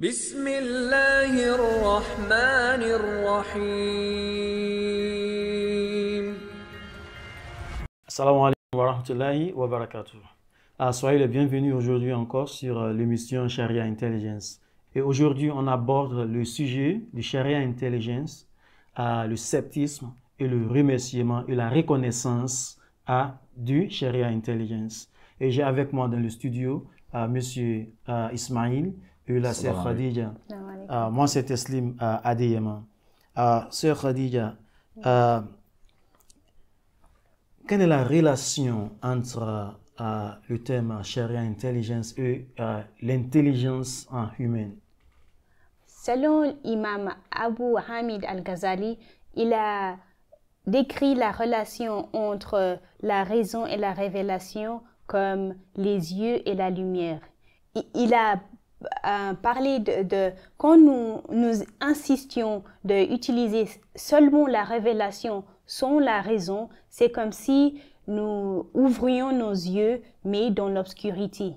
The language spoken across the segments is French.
بسم الله الرحمن الرحيم Soyez les bienvenus aujourd'hui encore sur euh, l'émission Sharia Intelligence. Et aujourd'hui, on aborde le sujet du Sharia Intelligence, ah, le sceptisme et le remerciement et la reconnaissance à ah, du Sharia Intelligence. Et j'ai avec moi dans le studio M. Ah, monsieur Ismail la sœur Khadija. Euh, moi, c'est Teslim euh, Adiyama. Euh, sœur Khadija, quelle est la relation entre le thème charia intelligence et l'intelligence humaine Selon l'imam Abu Hamid al-Ghazali, il a décrit la relation entre la raison et la révélation comme les yeux et la lumière. Il a euh, parler de, quand nous, nous insistions d'utiliser seulement la révélation sans la raison, c'est comme si nous ouvrions nos yeux mais dans l'obscurité.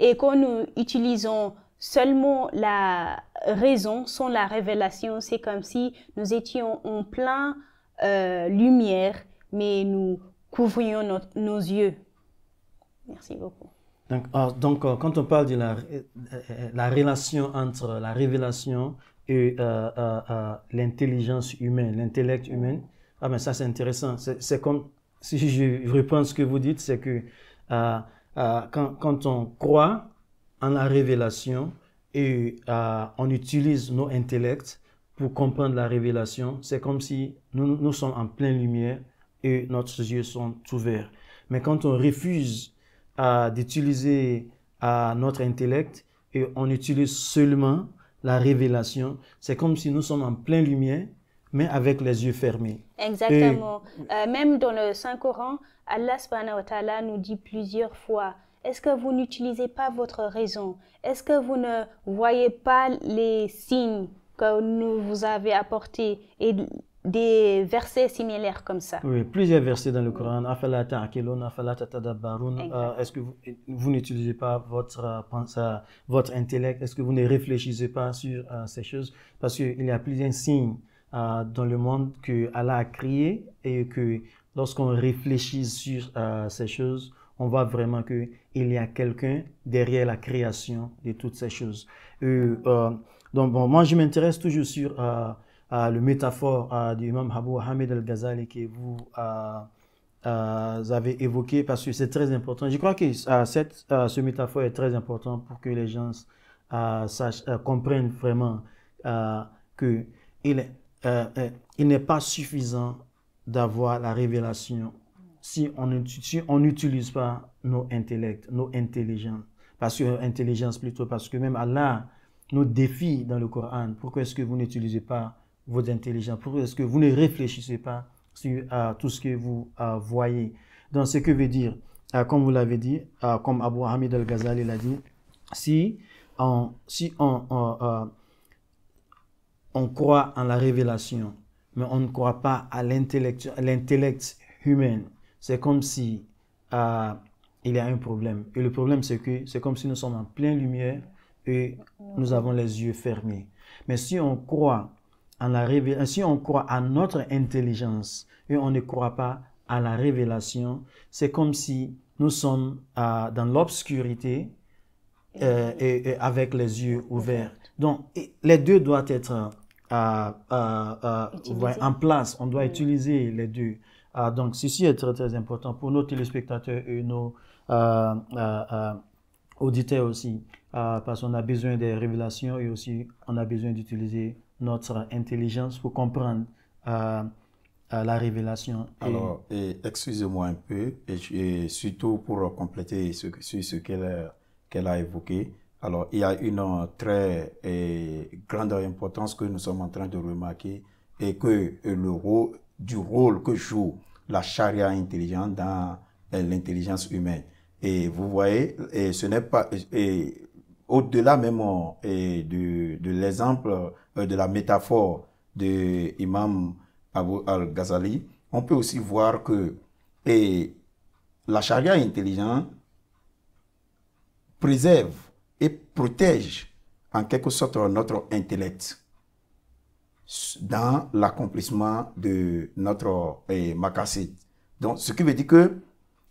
Et quand nous utilisons seulement la raison sans la révélation, c'est comme si nous étions en plein euh, lumière mais nous couvrions nos yeux. Merci beaucoup. Donc, ah, euh, quand on parle de euh, euh, la, relation entre la révélation et l'intelligence humaine, l'intellect humain, ah mais ça c'est intéressant. C'est comme, si je reprends ce que vous dites, c'est que quand, on croit en la révélation et on utilise nos intellects pour comprendre la révélation, c'est comme si nous, nous sommes en pleine lumière et nos yeux sont ouverts. Mais quand on refuse d'utiliser notre intellect et on utilise seulement la révélation. C'est comme si nous sommes en pleine lumière, mais avec les yeux fermés. Exactement. Euh, même dans le Saint-Coran, Allah subhanahu nous dit plusieurs fois, est-ce que vous n'utilisez pas votre raison Est-ce que vous ne voyez pas les signes que nous vous avez apportés et des versets similaires comme ça. Oui, plusieurs versets dans le Coran. Euh, Est-ce que vous, n'utilisez pas votre, euh, votre intellect Est-ce que vous ne réfléchissez pas sur euh, ces choses Parce qu'il y a plusieurs signes euh, dans le monde que Allah a créé et que lorsqu'on réfléchit sur ces choses, on voit vraiment qu'il y a quelqu'un derrière la création de toutes ces choses. donc, bon, moi, je m'intéresse toujours sur le métaphore du imam Abu Hamid al-Ghazali que vous avez évoqué parce que c'est très important. Je crois que cette, ce métaphore est très important pour que les gens comprennent vraiment que il, il n'est pas suffisant d'avoir la révélation si on n'utilise pas nos intellects, nos intelligences, parce que intelligence plutôt, parce que même Allah nos défis dans le Coran. Pourquoi est-ce que vous n'utilisez pas votre intelligence Pourquoi est-ce que vous ne réfléchissez pas sur à tout ce que vous voyez Donc, ce que veut dire, euh, comme vous l'avez dit, euh, comme Abu Hamid al-Ghazali l'a dit, si on, si on, on, euh, croit en la révélation, mais on ne croit pas à l'intellect humain, c'est comme si il y a un problème. Et le problème, c'est que c'est comme si nous sommes en pleine lumière et nous avons les yeux fermés. Mais si on croit la révélation, euh, si on croit à notre intelligence et on ne croit pas à la révélation, c'est comme si nous sommes euh, dans l'obscurité euh, et, avec les yeux ouverts. Donc, les deux doivent être en place. On doit utiliser les deux. donc, ceci est très, très important pour nos téléspectateurs et nos auditeurs aussi, parce qu'on a besoin des révélations et aussi on a besoin d'utiliser notre intelligence pour comprendre euh, euh, la révélation. Et... Alors, excusez-moi un peu, et, surtout pour compléter ce, sur ce qu'elle qu'elle a évoqué. Alors, il y a une euh, très grande importance que nous sommes en train de remarquer et que le rôle, du rôle que joue la charia intelligente dans l'intelligence humaine. Et vous voyez, et ce n'est pas, et au-delà même euh, et de, l'exemple, euh, de la métaphore de Imam Abu al-Ghazali, on peut aussi voir que et la charia intelligente préserve et protège en quelque sorte notre intellect dans l'accomplissement de notre eh, Donc, ce qui veut dire que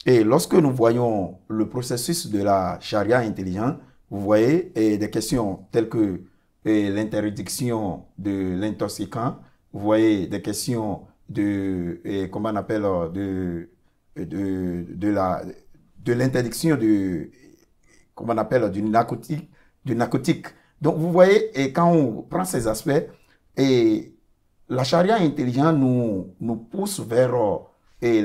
et lorsque nous voyons le processus de la charia intelligente, vous voyez, et des questions telles que l'interdiction de l'intoxicant, vous voyez des questions de, et comment on appelle, euh, de, de, de la, de l'interdiction du, comment on appelle, d'une narcotique, narcotique. Donc, vous voyez, et quand on prend ces aspects, et la charia intelligente nous, nous pousse vers euh,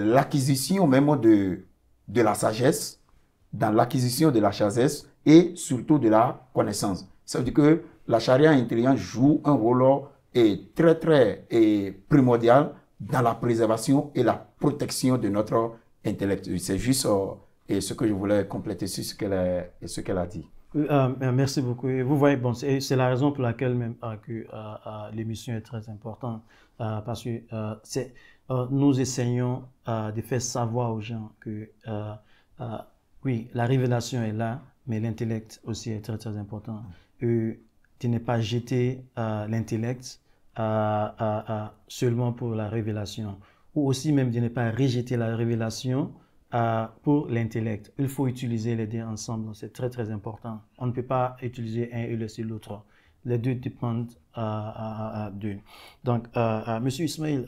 l'acquisition même de, de la sagesse, dans l'acquisition de la chasse et surtout de la connaissance. Ça veut dire que la charia intelligente joue un rôle est très très et primordial dans la préservation et la protection de notre intellect. C'est juste euh, et ce que je voulais compléter sur ce qu'elle a, ce qu'elle a dit. Euh, euh, merci beaucoup. Et vous voyez, bon, c'est la raison pour laquelle même que l'émission est très importante parce que c'est nous essayons de faire savoir aux gens que oui, la révélation est là, mais l'intellect aussi est très très important. Et tu n'es pas jeter euh, l'intellect euh, euh, seulement pour la révélation, ou aussi même de ne pas rejeter la révélation pour l'intellect. Il faut utiliser les deux ensemble, c'est très très important. On ne peut pas utiliser un et laisser l'autre. Les deux dépendent à, d'eux. Donc, euh, Monsieur Ismail,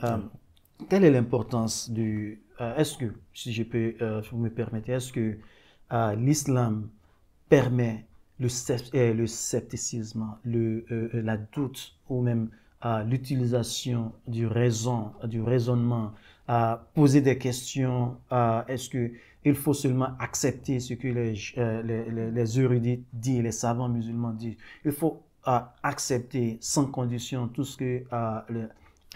quelle est l'importance du... est-ce que, si je peux, vous me permettez, est-ce que l'islam permet le, euh, le scepticisme, le, euh, euh, la doute ou même l'utilisation du raison, du raisonnement, à poser des questions. Est-ce que il faut seulement accepter ce que les, les, les érudits disent, les savants musulmans disent Il faut accepter sans condition tout ce que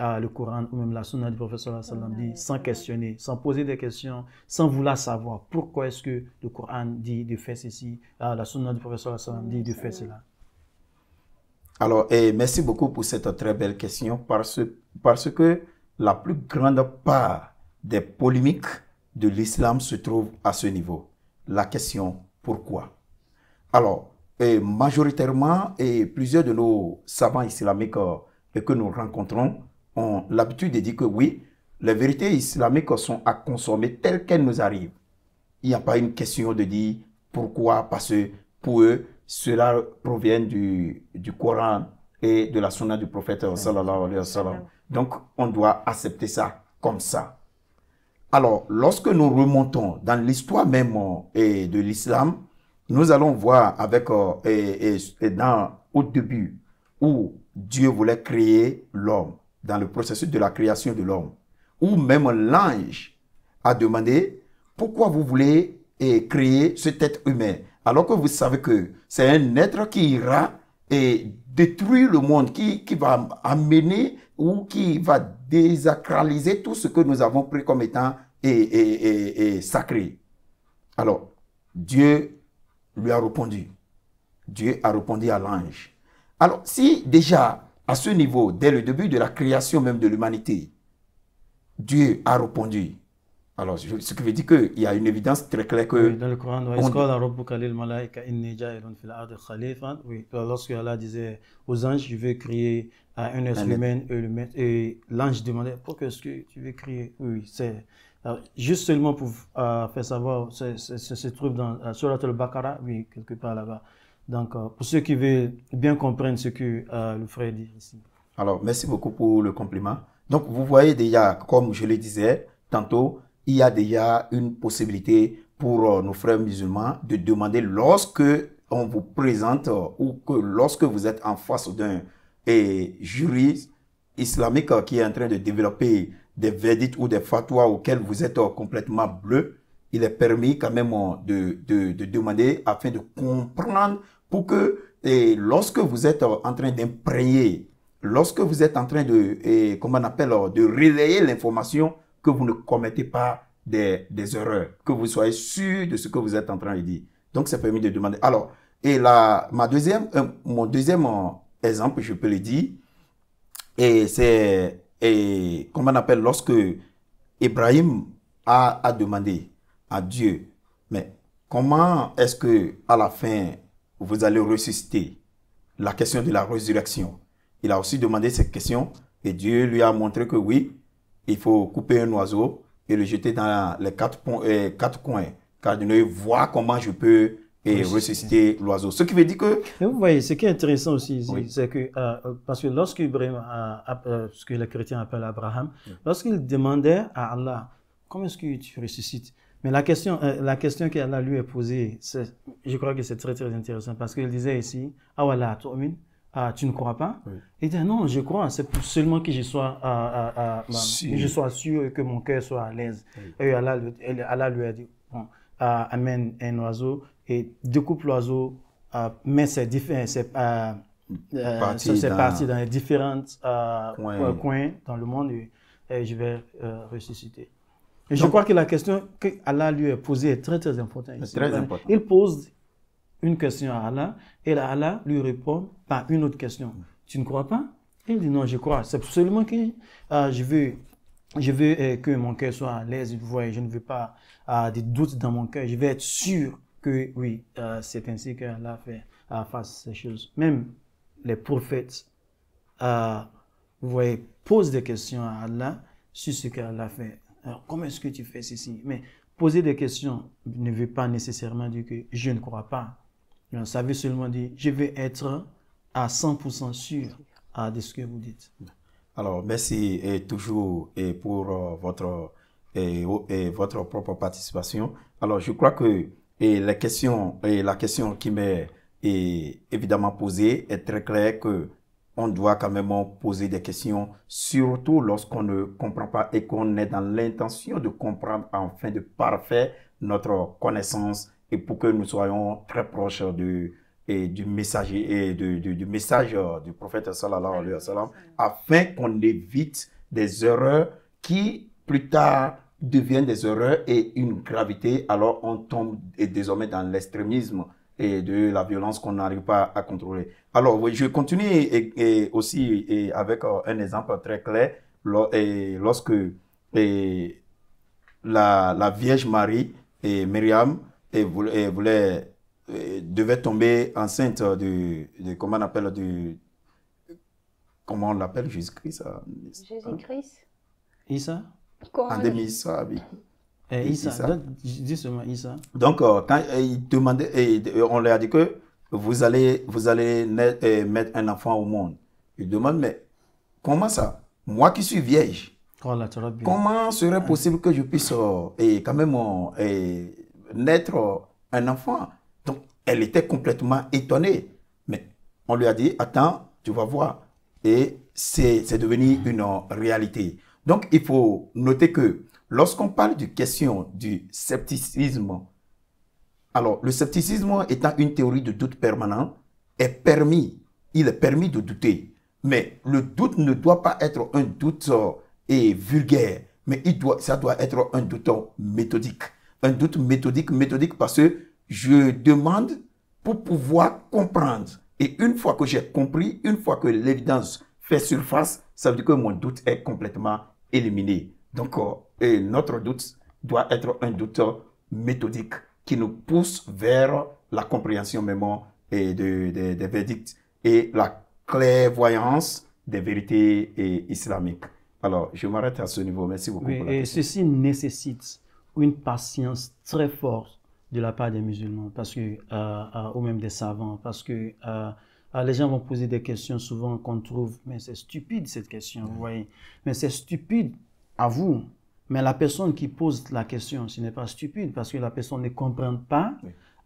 ah, le Coran ou même la sunna du professeur sallam dit sans questionner, sans poser des questions, sans vouloir savoir pourquoi est-ce que le Coran dit de faire ceci, ah, la sunna du professeur sallam dit de faire cela. Alors, et eh, merci beaucoup pour cette très belle question parce, parce que la plus grande part des polémiques de l'islam se trouve à ce niveau. La question pourquoi Alors, et eh, majoritairement, et eh, plusieurs de nos savants islamiques euh, que nous rencontrons ont l'habitude de dire que oui, les vérités islamiques sont à consommer telles qu'elles nous arrivent. Il n'y a pas une question de dire pourquoi, parce que pour eux, cela provient du, Coran et de la sunna du prophète. Donc, on doit accepter ça comme ça. Alors, lorsque nous remontons dans l'histoire même euh, de l'islam, nous allons voir avec euh, et dans, au début où Dieu voulait créer l'homme dans le processus de la création de l'homme, ou même l'ange a demandé pourquoi vous voulez eh, créer cet être humain, alors que vous savez que c'est un être qui ira et détruire le monde, qui, qui va amener ou qui va désacraliser tout ce que nous avons pris comme étant et eh, eh, sacré. Alors, Dieu lui a répondu. Dieu a répondu à l'ange. Alors, si déjà à ce niveau, dès le début de la création même de l'humanité, Dieu a répondu. Alors, ce qui veut dire qu'il y a une évidence très claire que... dans le Coran, on... oui, lorsque Allah disait aux anges, je veux crier à un être humain, et l'ange demandait, pourquoi est-ce que tu veux crier Oui, c'est... Juste seulement pour euh, faire savoir, ça se trouve dans euh, Surat al-Baqarah, oui, quelque part là-bas. Donc, pour ceux qui veulent bien comprendre ce que euh, le frère dit ici. Alors, merci beaucoup pour le compliment. Donc, vous voyez déjà, comme je le disais tantôt, il y a déjà une possibilité pour euh, nos frères musulmans de demander lorsque on vous présente euh, ou que lorsque vous êtes en face d'un juriste islamique qui est en train de développer des verdicts ou des fatwas auxquels vous êtes complètement bleu, il est permis quand même de, de demander afin de comprendre pour que et lorsque vous êtes en train d'imprégner, lorsque vous êtes en train de, et, comment on appelle, de relayer l'information, que vous ne commettez pas des, erreurs, que vous soyez sûr de ce que vous êtes en train de dire. Donc, c'est permis de demander. Alors, et là, ma deuxième, euh, mon deuxième euh, exemple, je peux le dire, et c'est, et, comment on appelle, lorsque Ibrahim a, a demandé à Dieu, mais comment est-ce que, à la fin, vous allez ressusciter. La question de la résurrection. Il a aussi demandé cette question et Dieu lui a montré que oui, il faut couper un oiseau et le jeter dans les quatre, euh, quatre coins. Car Dieu voit comment je peux et euh, ressusciter l'oiseau. Ce qui veut dire que... vous voyez, ce qui est intéressant aussi, c'est que, euh, parce que lorsque euh, ce que les chrétiens appellent Abraham, lorsqu'il demandait à Allah, comment est-ce que tu ressuscites mais la question, qu'Allah la question qu'elle lui est posée, je crois que c'est très très intéressant parce qu'il disait ici, ah voilà, ah, tu ne crois pas Il dit non, je crois, c'est seulement que je sois, ah, ah, ah, je sois sûr et que mon cœur soit à l'aise. Et Allah, lui a dit, amène un oiseau et découpe l'oiseau, mets ses, ses, euh, parties, dans... dans les différents euh, coins. dans le monde et, je vais euh, ressusciter je crois que la question qu'Allah lui a posée est très très importante. Très important. Il pose une question à Allah et Allah lui répond par une autre question. Tu ne crois pas Il dit non, je crois. C'est absolument que euh, je veux, je veux euh, que mon cœur soit à l'aise. Vous voyez, je ne veux pas euh, des doutes dans mon cœur. Je veux être sûr que oui, c'est ainsi qu'Allah fait face à ces choses. Même les prophètes, vous voyez, posent des questions à Allah sur ce qu'Allah fait. Alors, comment est-ce que tu fais ceci Mais poser des questions ne veut pas nécessairement dire que je ne crois pas. Ça veut seulement dire je vais être à 100% sûr à de ce que vous dites. Alors, merci et toujours et pour euh, votre, et, votre propre participation. Alors, je crois que et la, question, et la question qui m'est évidemment posée est très claire que on doit quand même poser des questions, surtout lorsqu'on ne comprend pas et qu'on est dans l'intention de comprendre enfin de parfaire notre connaissance et pour que nous soyons très proches et du messager et du message du prophète sallallahu alayhi wa sallam afin qu'on évite des erreurs qui plus tard deviennent des erreurs et une gravité alors on tombe et désormais dans l'extrémisme et de la violence qu'on n'arrive pas à contrôler. Alors, je continue et, aussi avec euh, un exemple très clair. Lorsque la, Vierge Marie et Myriam et devait tomber enceinte de, comment on appelle du comment on l'appelle Jésus-Christ hein? Jésus-Christ Isa demi-Isa, oui. Et eh, Issa, dis seulement Issa. Donc, euh, quand euh, il demandait, on leur a dit que vous allez, vous allez euh, mettre un enfant au monde. Il demande, mais comment ça Moi qui suis vierge, oh comment serait ah. possible que je puisse et quand même et naître un enfant Donc, elle était complètement étonnée. Mais on lui a dit, attends, tu vas voir. Et c'est devenu une réalité. Donc, il faut noter que Lorsqu'on parle de question du scepticisme, alors le scepticisme étant une théorie de doute permanent, est permis, il est permis de douter. Mais le doute ne doit pas être un doute euh, et vulgaire, mais il doit, ça doit être un doute méthodique. Un doute méthodique, méthodique parce que je demande pour pouvoir comprendre. Et une fois que j'ai compris, une fois que l'évidence fait surface, ça veut dire que mon doute est complètement éliminé. Donc, euh, et notre doute doit être un doute méthodique qui nous pousse vers la compréhension même et de, des verdicts et la clairvoyance des vérités islamiques. Alors, je m'arrête à ce niveau. Merci beaucoup. et ceci nécessite une patience très forte de la part des musulmans, parce que, euh, euh, ou même des savants, parce que euh, les gens vont poser des questions souvent qu'on trouve, mais c'est stupide cette question, vous voyez. Mais c'est stupide à vous, mais la personne qui pose la question, ce n'est pas stupide parce que la personne ne comprend pas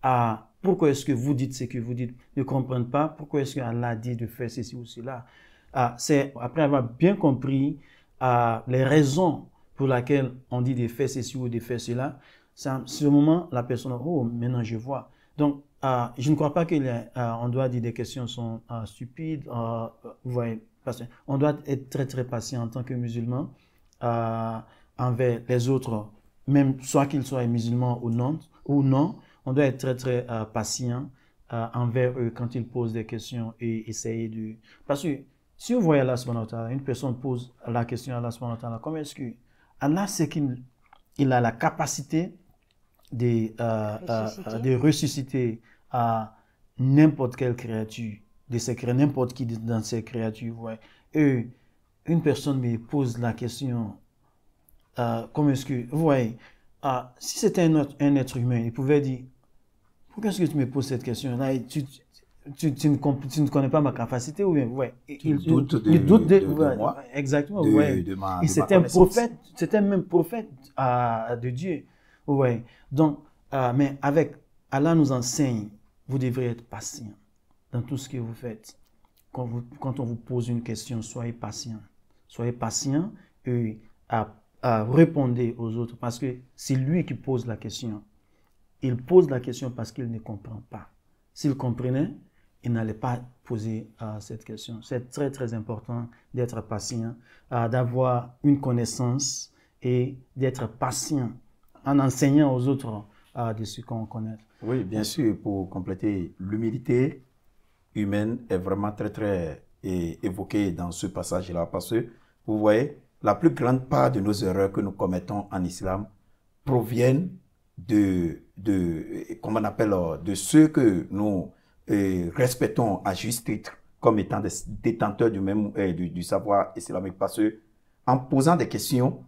à ah, pourquoi est-ce que vous dites ce que vous dites, ne comprend pas pourquoi est-ce qu'Allah dit de faire ceci ou cela. Ah, c'est après avoir bien compris ah, les raisons pour lesquelles on dit de faire ceci ou de faire cela, c'est ce moment la personne, oh, maintenant je vois. Donc, je ne crois pas qu'on doit dire des questions sont stupides. vous voyez, on doit être très très patient en tant que musulman envers les autres, même soit qu'ils soient musulmans ou non, ou non, on doit être très très euh, patient euh, envers eux quand ils posent des questions et essayer de... Parce que si vous voyez Allah subhanahu une personne pose la question à Allah subhanahu comment est-ce que Allah sait qu'il a la capacité de, euh, ressusciter. de ressusciter à n'importe quelle créature, de sécréer n'importe qui dans ces créatures. Ouais. Et une personne me pose la question est euh, comme que Vous voyez, euh, si c'était un, un être humain, il pouvait dire, pourquoi est-ce que tu me poses cette question là tu, tu, tu, ne connais pas ma capacité ou bien ouais. il, doute de, moi, exactement ouais. c'était un prophète c'était même prophète euh, de Dieu ouais donc mais avec Allah nous enseigne vous devrez être patient dans tout ce que vous faites quand, vous, quand on vous pose une question soyez patient soyez patient et à répondez aux autres parce que c'est lui qui pose la question. Il pose la question parce qu'il ne comprend pas. S'il comprenait, il n'allait pas poser euh, cette question. C'est très très important d'être patient, euh, d'avoir une connaissance et d'être patient en enseignant aux autres euh, de ce qu'on connaît. Oui, bien sûr, pour compléter, l'humilité humaine est vraiment très très évoquée dans ce passage-là parce que vous voyez, la plus grande part de nos erreurs que nous commettons en islam proviennent de, de comment on appelle, euh, de ceux que nous euh, respectons à juste titre comme étant des détenteurs du même euh, du, savoir islamique parce que en posant des questions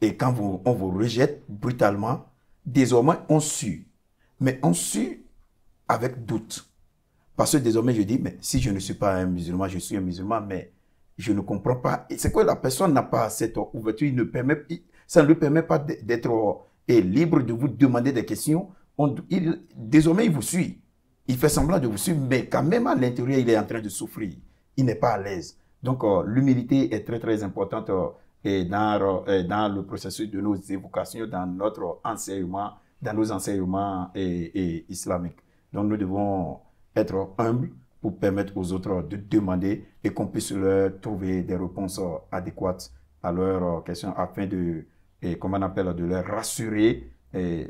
et quand on vous rejette brutalement, désormais on suit, mais on suit avec doute. Parce que désormais je dis mais si je ne suis pas un musulman, je suis un musulman mais je ne comprends pas. C'est quoi la personne n'a pas cette ouverture, il ne permet, ça ne lui permet pas d'être euh, libre de vous demander des questions. désormais, il vous suit. Il fait semblant de vous suivre, mais quand même à l'intérieur, il est en train de souffrir. Il n'est pas à l'aise. Donc, euh, l'humilité est très, très importante euh, et dans, le processus de nos évocations, dans notre enseignement, dans nos enseignements et, islamique. islamiques. Donc, nous devons être humbles pour permettre aux autres de demander et qu'on puisse leur trouver des réponses adéquates à leurs euh, questions afin de, comment on appelle, de leur rassurer, et,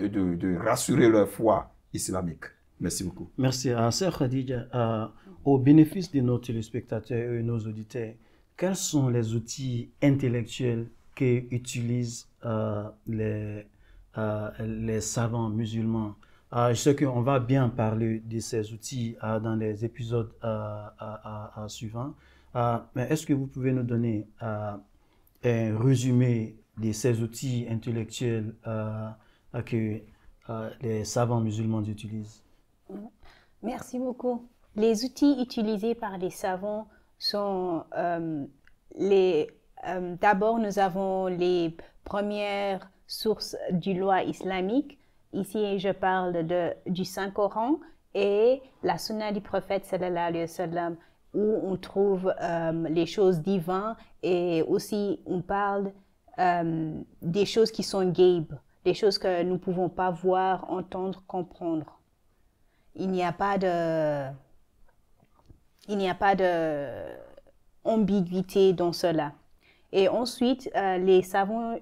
de, rassurer leur foi islamique. Merci beaucoup. Merci. Hein. Sœur Khadija, euh, au bénéfice de nos téléspectateurs et nos auditeurs, quels sont les outils intellectuels qu'utilisent utilisent euh, les, les savants musulmans euh, je sais qu'on va bien parler de ces outils euh, dans les épisodes euh, suivants, mais est-ce que vous pouvez nous donner un résumé de ces outils intellectuels que les savants musulmans utilisent Merci beaucoup. Les outils utilisés par les savants sont les... D'abord, nous avons les premières sources du loi islamique Ici, je parle de, du Saint-Coran et la sunna du prophète sallallahu alayhi wa sallam, où on trouve euh, les choses divines et aussi on parle euh, des choses qui sont gaïbes, des choses que nous ne pouvons pas voir, entendre, comprendre. Il n'y a pas de... Il n'y a pas de ambiguïté dans cela. Et ensuite, euh, les savants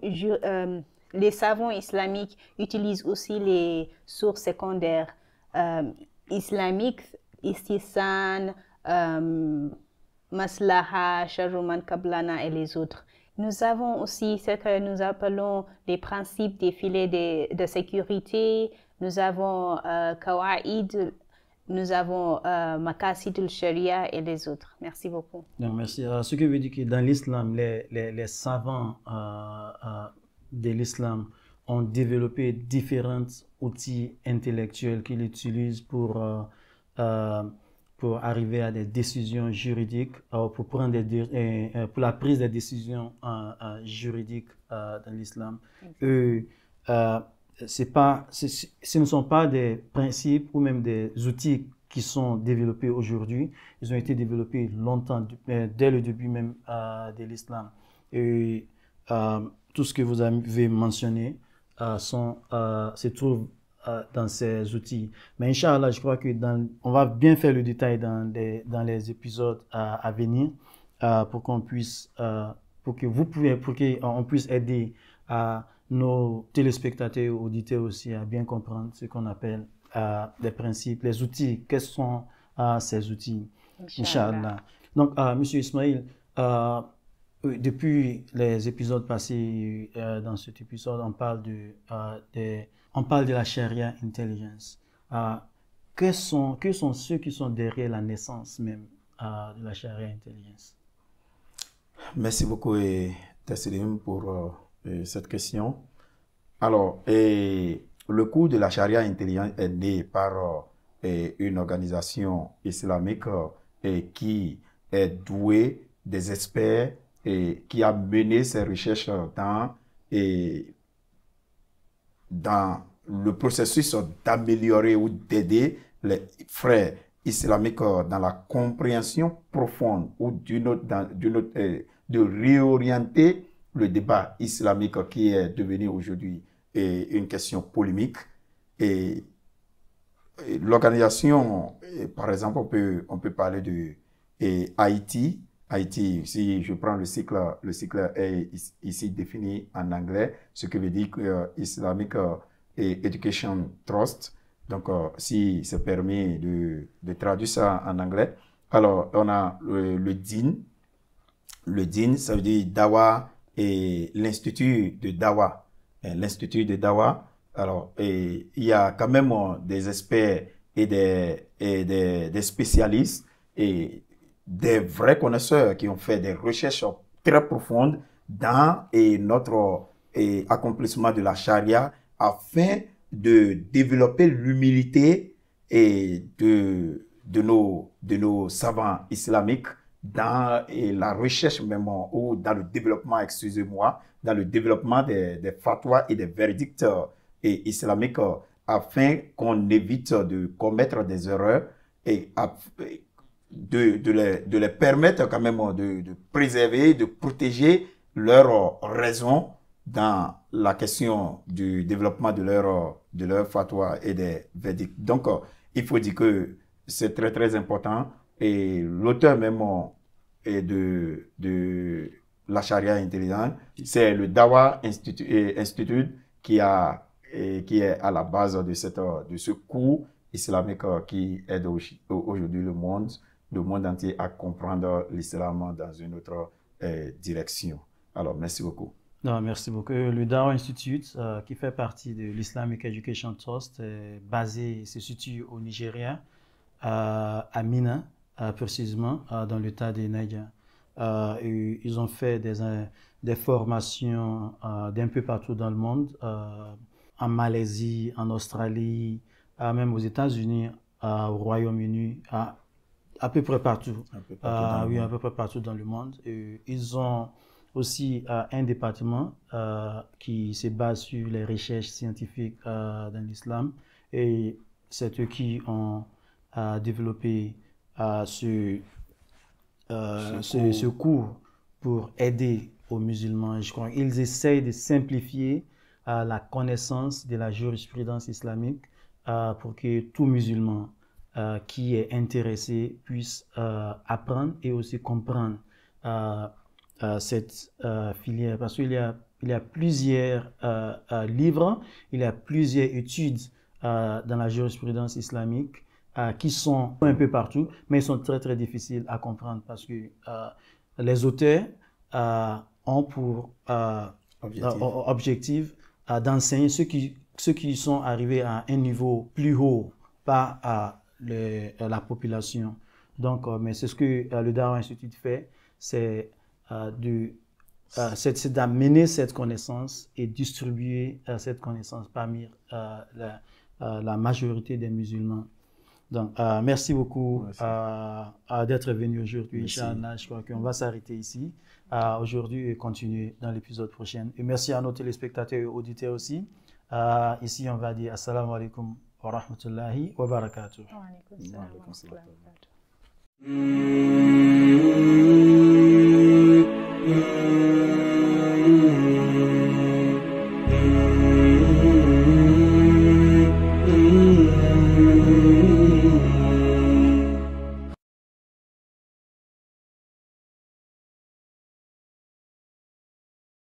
les savants islamiques utilisent aussi les sources secondaires euh, islamiques, Istisan, euh, Maslaha, Sharuman Kablana et les autres. Nous avons aussi ce que nous appelons les principes des filets de, sécurité. Nous avons Kawaïd, euh, nous avons euh, sharia et les autres. Merci beaucoup. merci. ce que veut dire que dans l'islam, les, les, les, savants de l'islam ont développé différents outils intellectuels qu'ils utilisent pour, euh, euh, pour arriver à des décisions juridiques, euh, pour, prendre des, pour la prise des décisions juridiques dans l'islam. c'est pas, ce ne sont pas des principes ou même des outils qui sont développés aujourd'hui. Ils ont été développés longtemps, dès le début même de l'islam. Et tout ce que vous avez mentionné euh, sont, euh, se trouve euh, dans ces outils. Mais Inch'Allah, je crois que on va bien faire le détail dans les, dans les épisodes à venir pour qu'on puisse, pour que vous pouvez, pour qu'on puisse aider à nos téléspectateurs et auditeurs aussi à bien comprendre ce qu'on appelle les principes, les outils. Quels sont ces outils Inch'Allah. Donc, Monsieur Ismail, depuis les épisodes passés, euh, dans cet épisode, on parle de, euh, on parle de la charia intelligence. Euh, que, sont, que sont ceux qui sont derrière la naissance même euh, de la charia intelligence Merci beaucoup, Tessilim, pour cette question. Alors, le coup de la charia intelligence est né par une organisation islamique et qui est douée des experts et qui a mené ses recherches dans, et dans le processus d'améliorer ou d'aider les frères islamiques dans la compréhension profonde ou d'une euh, de réorienter le débat islamique qui est devenu aujourd'hui une question polémique. Et, l'organisation, par exemple, on peut, on peut parler de Haïti, Haïti, si je prends le cycle, le cycle est ici défini en anglais, ce qui veut dire euh, Islamic euh, Education Trust. Donc, euh, si c'est permis de, traduire ça en anglais. Alors, on a le, le DIN. Le DIN, ça veut dire Dawa et l'Institut de Dawa. L'Institut de Dawa. Alors, il y a quand même euh, des experts et des, des spécialistes et des vrais connaisseurs qui ont fait des recherches très profondes dans et notre accomplissement de la charia afin de développer l'humilité et de, de, nos, de nos savants islamiques dans et la recherche même ou dans le développement, excusez-moi, dans le développement des, des, fatwas et des verdicts islamiques afin qu'on évite de commettre des erreurs et, de, de, les, de les permettre quand même euh, de, de préserver, de protéger leurs euh, raisons dans la question du développement de leur, euh, de leur fatwa et des verdicts. Donc, il faut dire que c'est très, très important. Et l'auteur même est de, de la charia intelligente, c'est le Dawah Institute, qui, a, qui est à la base de, cette, de ce cours islamique qui aide aujourd'hui le monde le monde entier à comprendre l'islam dans une autre euh, direction. Alors, merci beaucoup. Non, merci beaucoup. Euh, le Dao Institute, euh, qui fait partie de l'Islamic Education Trust, est basé, se situe au Nigeria, à Mina, précisément, dans l'État des Niger. ils ont fait des, des formations d'un peu partout dans le monde, en Malaisie, en Australie, même aux États-Unis, au Royaume-Uni, à à peu près partout. Ah oui, à peu près partout dans le monde. ils ont aussi euh, un département euh, qui se base sur les recherches scientifiques euh, dans l'islam et c'est eux qui ont développé ce, cours. pour aider aux musulmans. Je crois essayent de simplifier la connaissance de la jurisprudence islamique pour que tout musulman euh, qui est intéressé puisse euh, apprendre et aussi comprendre euh, cette filière. Parce qu'il y a, il y a plusieurs livres, il y a plusieurs études dans la jurisprudence islamique qui sont un peu partout, mais ils sont très très difficiles à comprendre parce que les auteurs ont pour objectif, d'enseigner ceux qui, ceux qui sont arrivés à un niveau plus haut, pas à euh, la population. Donc, euh, mais c'est ce que euh, le Darwin Institute fait, c'est de d'amener cette connaissance et distribuer cette connaissance parmi la, majorité des musulmans. Donc, merci beaucoup d'être venu aujourd'hui, Inch'Allah. Je crois qu'on va s'arrêter ici aujourd'hui et continuer dans l'épisode prochain. Et merci à nos téléspectateurs et auditeurs aussi. ici, on va dire Assalamu alaikum ورحمة الله وبركاته وعليكم السلام ورحمة الله وبركاته